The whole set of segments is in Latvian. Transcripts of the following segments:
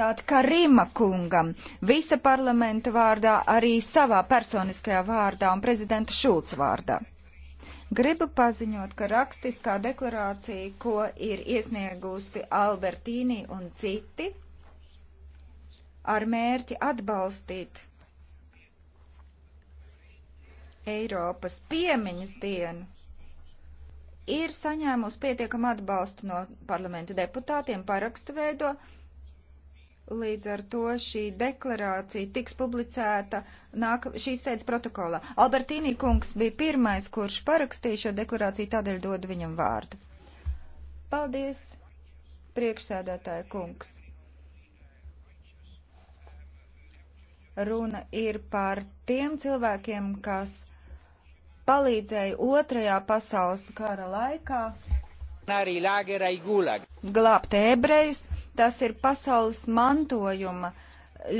deputāta Karima kungam, visa parlamenta vārdā, arī savā personiskajā vārdā un prezidenta Šulca vārdā. Gribu paziņot, ka rakstiskā deklarācija, ko ir iesniegusi Albertīni un citi, ar mērķi atbalstīt Eiropas piemiņas dienu, ir saņēmusi pietiekamu atbalstu no parlamenta deputātiem parakstu veidojumu Līdz ar to šī deklarācija tiks publicēta nāk šīs sēdes protokolā. Albertīnī kungs bija pirmais, kurš parakstīja šo deklarāciju, tādēļ dodu viņam vārdu. Paldies, priekšsēdētāja kungs. Runa ir par tiem cilvēkiem, kas palīdzēja otrajā pasaules kara laikā glābt ebrejus Tas ir pasaules mantojuma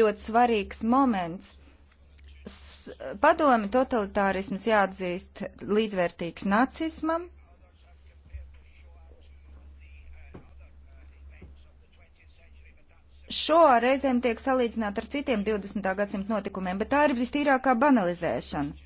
ļoti svarīgs moments. Padomi totalitārisms jāatzīst līdzvērtīgs nacismam. šo reizēm tiek salīdzināta ar citiem 20. gadsimta notikumiem, bet tā ir vistīrākā banalizēšana.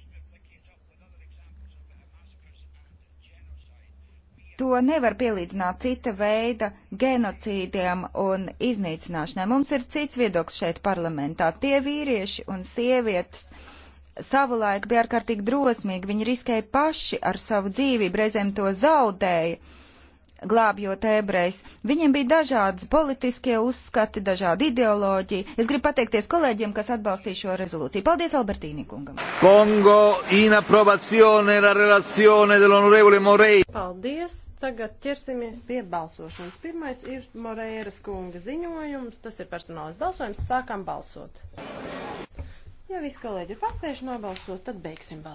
To nevar pielīdzināt cita veida genocīdiem un iznīcināšanai. Mums ir cits viedoklis šeit parlamentā. Tie vīrieši un sievietes savulaik bija ārkārtīgi drosmīgi, viņi riskēja paši ar savu dzīvību, reizēm to zaudēja glābjot ebrejus. Viņiem bija dažādas politiskie uzskati, dažādi ideoloģija. Es gribu pateikties kolēģiem, kas atbalstīja šo rezolūciju. Paldies Albertīni kungam. Kongo in approvazione la relazione dell'onorevole Morei. Paldies. Tagad ķersimies pie balsošanas. Pirmais ir Moreiras kunga ziņojums. Tas ir personālais balsojums. Sākam balsot. Ja visi kolēģi ir paspējuši nobalsot, tad beigsim balsot.